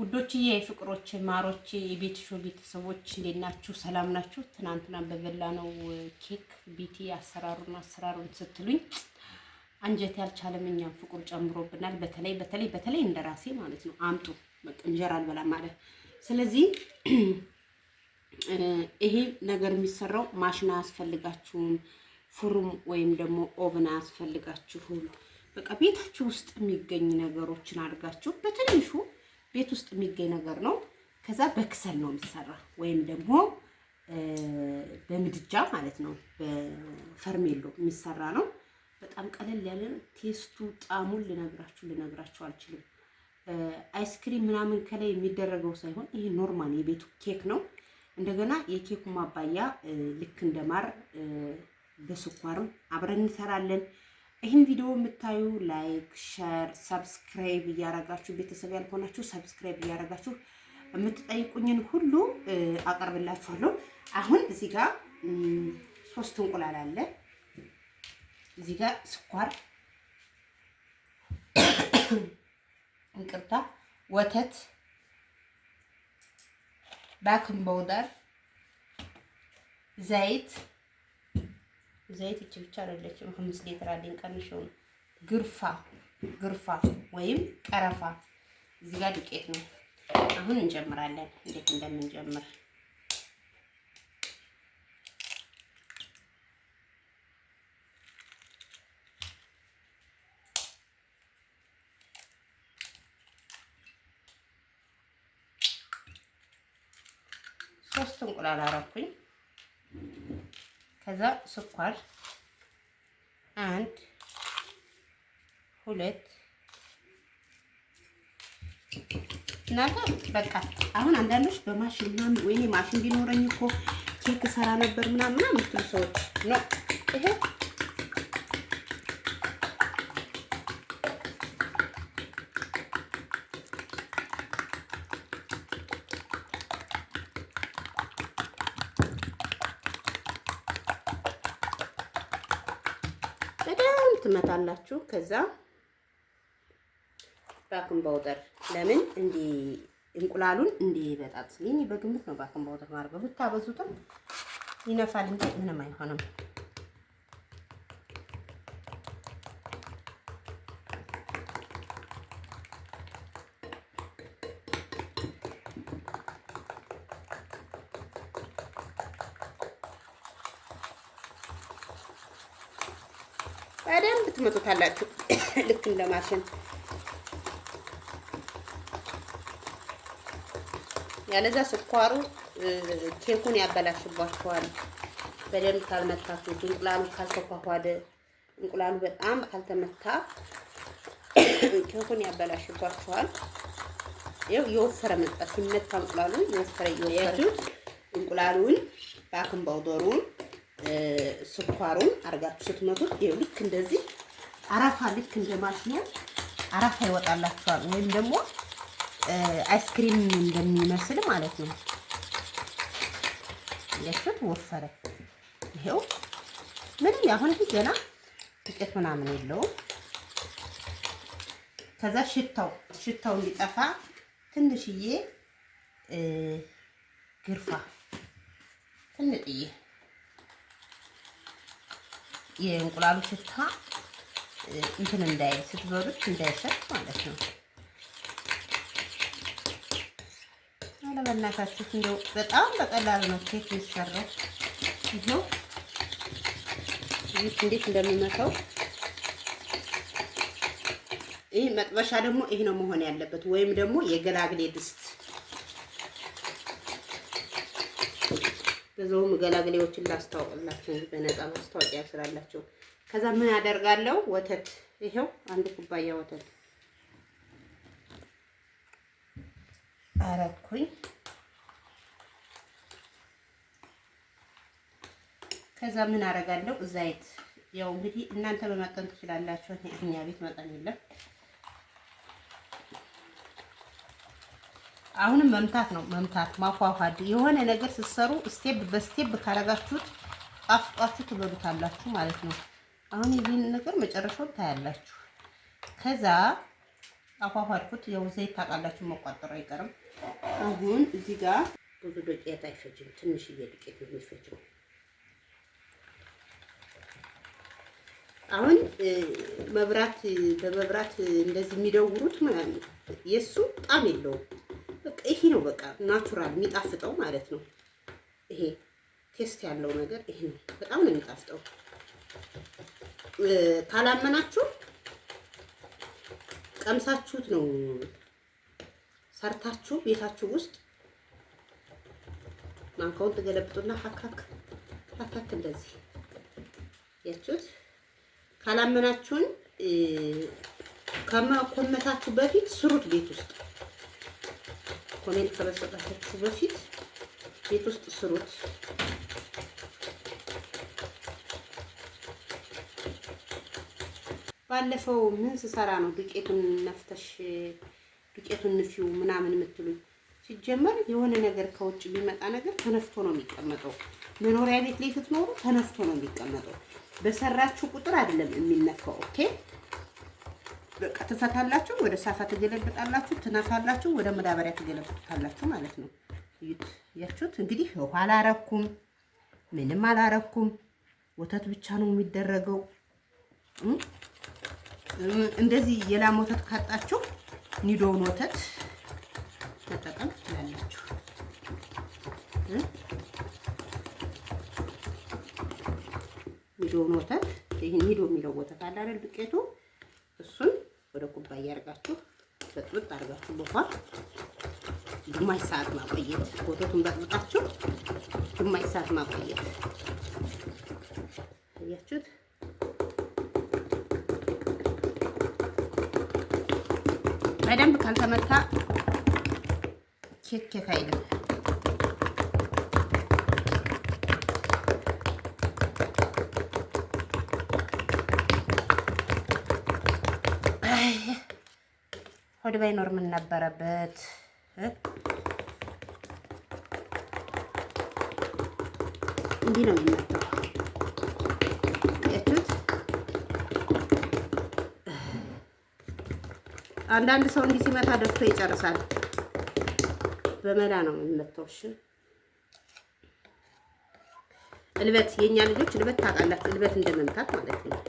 ውዶችዬ ፍቅሮች ማሮች የቤት ሾ ቤተሰቦች እንዴት ናችሁ? ሰላም ናችሁ? ትናንትና በበላ ነው ኬክ ቤቲ አሰራሩን አሰራሩን ስትሉኝ አንጀት ያልቻለም እኛም ፍቁር ጨምሮብናል። በተለይ በተለይ በተለይ እንደራሴ ማለት ነው አምጡ እንጀራ አልበላም ማለት ስለዚህ ይሄ ነገር የሚሰራው ማሽን አያስፈልጋችሁም፣ ፍሩም ወይም ደግሞ ኦብን አያስፈልጋችሁም። በቃ ቤታችሁ ውስጥ የሚገኝ ነገሮችን አድርጋችሁ በትንሹ ቤት ውስጥ የሚገኝ ነገር ነው። ከዛ በክሰል ነው የሚሰራ ወይም ደግሞ በምድጃ ማለት ነው። በፈርሜሎ የሚሰራ ነው። በጣም ቀለል ያለ ቴስቱ፣ ጣዕሙን ልነግራችሁ ልነግራችሁ አልችልም። አይስክሪም ምናምን ከላይ የሚደረገው ሳይሆን ይሄ ኖርማል የቤቱ ኬክ ነው። እንደገና የኬኩ ማባያ ልክ እንደማር በስኳርም አብረን እንሰራለን። ይህን ቪዲዮ የምታዩ ላይክ፣ ሸር፣ ሰብስክራይብ እያረጋችሁ ቤተሰብ ያልሆናችሁ ሰብስክራይብ እያረጋችሁ የምትጠይቁኝን ሁሉ አቀርብላችኋለሁ። አሁን እዚህ ጋር ሶስት እንቁላል አለ። እዚህ ጋር ስኳር፣ ይቅርታ ወተት፣ ባክን፣ በውደር ዘይት ዘይት እቺ ብቻ አይደለችም። አምስት ሊትር አለኝ ቀንሼው ነው። ግርፋ ግርፋ ወይም ቀረፋ እዚህ ጋር ዱቄት ነው። አሁን እንጀምራለን። እንዴት እንደምንጀምር ሶስት እንቁላል አረኩኝ። ከዛ ስኳር አንድ ሁለት እናንተ በቃ አሁን አንዳንዶች በማሽን ምናምን ወይኔ ማሽን ቢኖረኝ እኮ ኬክ ሰራ ነበር ምናምን ምናምን የምትሉ ሰዎች ነው ይሄ ከዛ ባክን ባውጠር ለምን እንዲ እንቁላሉን እንዲበጣጥስልኝ በግምት ነው። ባክን ባውጠር ማድረግ ብታበዙትም ይነፋል እንጂ ምንም አይሆንም። በደንብ ትመጡታላችሁ። ልክ እንደ ማሽን ያለዛ ስኳሩ ኬኩን ያበላሽባችኋል። በደንብ ካልመታችሁት፣ እንቁላሉ ካልተኳኳደ፣ እንቁላሉ በጣም ካልተመታ ኬኩን ያበላሽባችኋል። ይኸው የወፈረ መጣ ሲመታ እንቁላሉ የወፈረ የወፈረ እንቁላሉን ባክን ባውደሩን ስኳሩን አርጋችሁ ስትመቱት ይኸው ልክ እንደዚህ አረፋ ልክ እንደ ማሽኑ አረፋ ይወጣላችኋል። ወይም ደግሞ አይስክሪም እንደሚመስል ማለት ነው። ያችሁት ወፈረ። ይሄው ምንም አሁን ገና ጥቂት ምናምን የለውም። ከዛ ሽታው ሽታው እንዲጠፋ ትንሽዬ ግርፋ ትንጥዬ የእንቁላሉ ሽታ እንትን እንዳይ ስትበሉት እንዳይሸት ማለት ነው። አለበናታችሁ እንደው በጣም በቀላሉ ነው ኬክ የሚሰራው። ይኸው ይህ እንዴት እንደሚመተው ይህ መጥበሻ ደግሞ ይህ ነው መሆን ያለበት፣ ወይም ደግሞ የገላግሌ ድስት በዛውም ገላግሌዎችን ላስታውቅላችሁ በነፃ ማስታወቂያ ስላላቸው። ከዛ ምን አደርጋለሁ? ወተት ይሄው አንድ ኩባያ ወተት አረኩኝ። ከዛ ምን አደርጋለሁ? ዘይት ያው እንግዲህ እናንተ በመጠን ትችላላችሁ። እኛ ቤት መጠን የለም። አሁንም መምታት ነው መምታት፣ ማፏፏድ የሆነ ነገር ስትሰሩ ስቴፕ በስቴፕ ካረጋችሁት ጣፍጧችሁ ትበሉታላችሁ ማለት ነው። አሁን ይህን ነገር መጨረሻውን ታያላችሁ። ከዛ አፏፏድኩት። ያው ዘይት ታውቃላችሁ መቋጠሩ አይቀርም። አሁን እዚህ ጋር ብዙ ዱቄት አይፈጅም፣ ትንሽዬ ዱቄት ነው የሚፈጅም። አሁን መብራት በመብራት እንደዚህ የሚደውሩት ምናምን የእሱ ጣም የለውም በቃ ይሄ ነው በቃ ናቹራል የሚጣፍጠው ማለት ነው። ይሄ ቴስት ያለው ነገር ይሄ ነው። በጣም ነው የሚጣፍጠው። ካላመናችሁ ቀምሳችሁት ነው ሰርታችሁ ቤታችሁ ውስጥ ማንካውን ትገለብጡና ሀካክ ሀካክ እንደዚህ ያችሁት። ካላመናችሁን ከመኮመታችሁ በፊት ስሩት ቤት ውስጥ ሆሜል ከመሰራታችሁ በፊት ቤት ውስጥ ስሩት። ባለፈው ምን ስሰራ ነው ዱቄቱን ነፍተሽ ዱቄቱን ንፊው ምናምን የምትሉኝ? ሲጀመር የሆነ ነገር ከውጭ የሚመጣ ነገር ተነፍቶ ነው የሚቀመጠው። መኖሪያ ቤት ላይ ስትኖሩ ተነፍቶ ነው የሚቀመጠው። በሰራችሁ ቁጥር አይደለም የሚነፋው። ኦኬ በቃ ትፈታላችሁ፣ ወደ ሳፋ ትገለብጣላችሁ፣ ትነፋላችሁ፣ ወደ መዳበሪያ ትገለብጡታላችሁ ማለት ነው። ያችሁት እንግዲህ ውሃ አላረኩም፣ ምንም አላረኩም። ወተት ብቻ ነው የሚደረገው። እንደዚህ የላም ወተት ካጣችሁ ኒዶውን ወተት መጠቀም ትችላላችሁ። ኒዶውን ወተት ይሄ ኒዶ የሚለው ወተት አለ አይደል? ዱቄቱ እሱን ወደ ኩባያ አድርጋችሁ በጥብጥ አድርጋችሁ በውሃ ግማሽ ሰዓት ማቆየት፣ ወተቱን በጥብጣችሁ ግማሽ ሰዓት ማቆየት። አያችሁት? በደንብ ካልተመታ ኬክ ኬክ አይልም። ሆድ ባይኖር ምን ነበረበት? እንዲህ ነው የሚመጣው። አንዳንድ ሰው እንዲህ ሲመታ ደፍቶ ይጨርሳል። በመላ ነው የሚመታው። እሺ እልበት፣ የእኛ ልጆች እልበት ታውቃላችሁ፣ እልበት እንደመምታት ማለት ነው።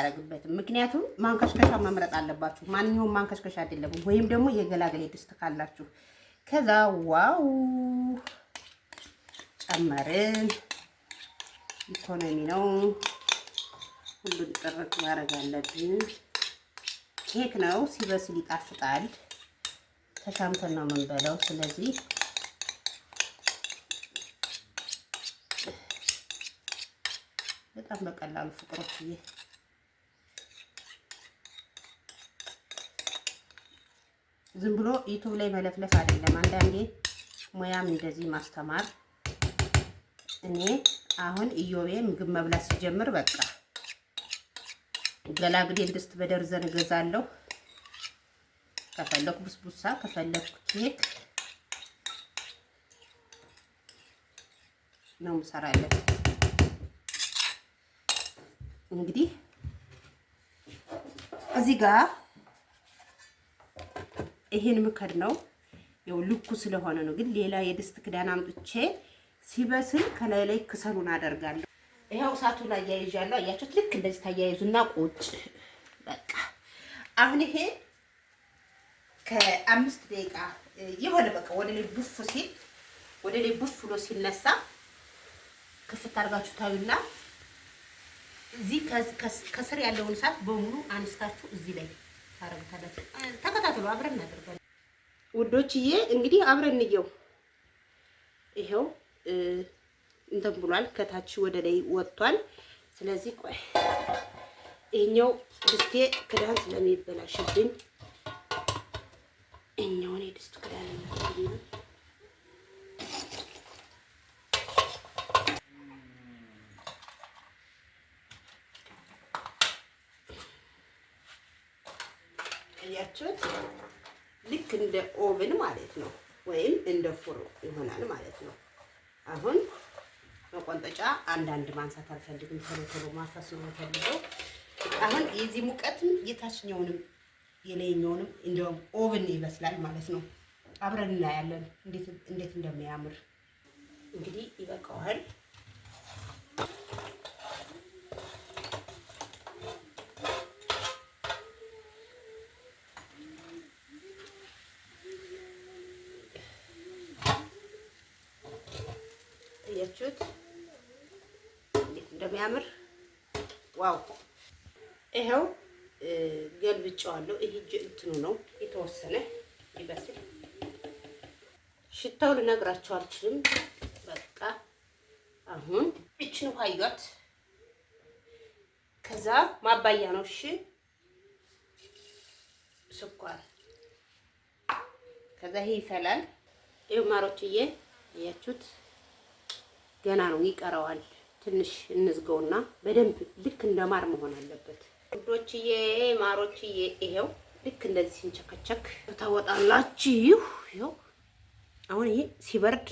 አያደርግበትም። ምክንያቱም ማንከሽከሻ መምረጥ አለባችሁ። ማንኛውም ማንከሽከሻ አይደለም፣ ወይም ደግሞ የገላገሌ ድስት ካላችሁ። ከዛ ዋው ጨመርን። ኢኮኖሚ ነው። ሁሉን ጥርት ማድረግ አለብን። ኬክ ነው፣ ሲበስል ይጣፍጣል። ተሻምተን ነው የምንበለው። ስለዚህ በጣም በቀላሉ ፍቅሮች ዝም ብሎ ዩቱብ ላይ መለፍለፍ አይደለም። አንዳንዴ ሙያም እንደዚህ ማስተማር። እኔ አሁን እዮቤ ምግብ መብላት ሲጀምር በቃ ገላግዴ ድስት በደርዘን እገዛለሁ። ከፈለኩ ብስቡሳ፣ ከፈለኩ ኬክ ነው የምሰራለት። እንግዲህ እዚህ ጋር ይሄን ምከድ ነው ያው ልኩ ስለሆነ ነው። ግን ሌላ የድስት ክዳን አምጥቼ ሲበስል ከላይ ላይ ክሰሉን አደርጋለሁ። ይኸው እሳቱ ላይ ያያይዣለሁ። አያችሁት? ልክ እንደዚህ ታያይዙና ቁጭ በቃ። አሁን ይሄ ከአምስት ደቂቃ የሆነ በቃ ወደ ላይ ቡፍ ሲል ወደ ላይ ቡፍ ብሎ ሲነሳ ክፍት አድርጋችሁ ታዩና እዚህ ከስር ያለውን እሳት በሙሉ አነስታችሁ እዚህ ላይ ተከታተሉ፣ አብረን እናደርጋለን ውዶችዬ። እንግዲህ አብረን እንየው። ይኸው እንትን ብሏል፣ ከታች ወደ ላይ ወጥቷል። ስለዚህ ቆይ ይሄኛው ድስቴ ክዳን ስለሚበላሽብኝ እኛውን የድስቱ ክዳን እንዳያችሁት ልክ እንደ ኦቭን ማለት ነው፣ ወይም እንደ ፉር ይሆናል ማለት ነው። አሁን መቆንጠጫ አንዳንድ ማንሳት አልፈልግም፣ ቶሎ ቶሎ ነው ስለምፈልገው አሁን የዚህ ሙቀትም የታችኛውንም የላይኛውንም እንደውም ኦቭን ይመስላል ማለት ነው። አብረን እናያለን እንዴት እንደሚያምር እንግዲህ ይበቃዋል። ዋው! ይኸው ገልብጨዋለሁ። ይሄ እንትኑ ነው የተወሰነ ይበስል። ሽታው ልነግራችሁ አልችልም። በቃ አሁን እችን ውሃ እያት። ከዛ ማባያ ነው እሺ፣ ስኳር ከዛ ይሄ ይፈላል። ይኸው ማሮችዬ፣ አያችሁት? ገና ነው ይቀረዋል። ትንሽ እንዝገውና በደንብ ልክ እንደ ማር መሆን አለበት ውዶችዬ፣ ማሮችዬ። ይሄው ልክ እንደዚህ ሲንቸከቸክ ታወጣላችሁ። ይኸው አሁን ይሄ ሲበርድ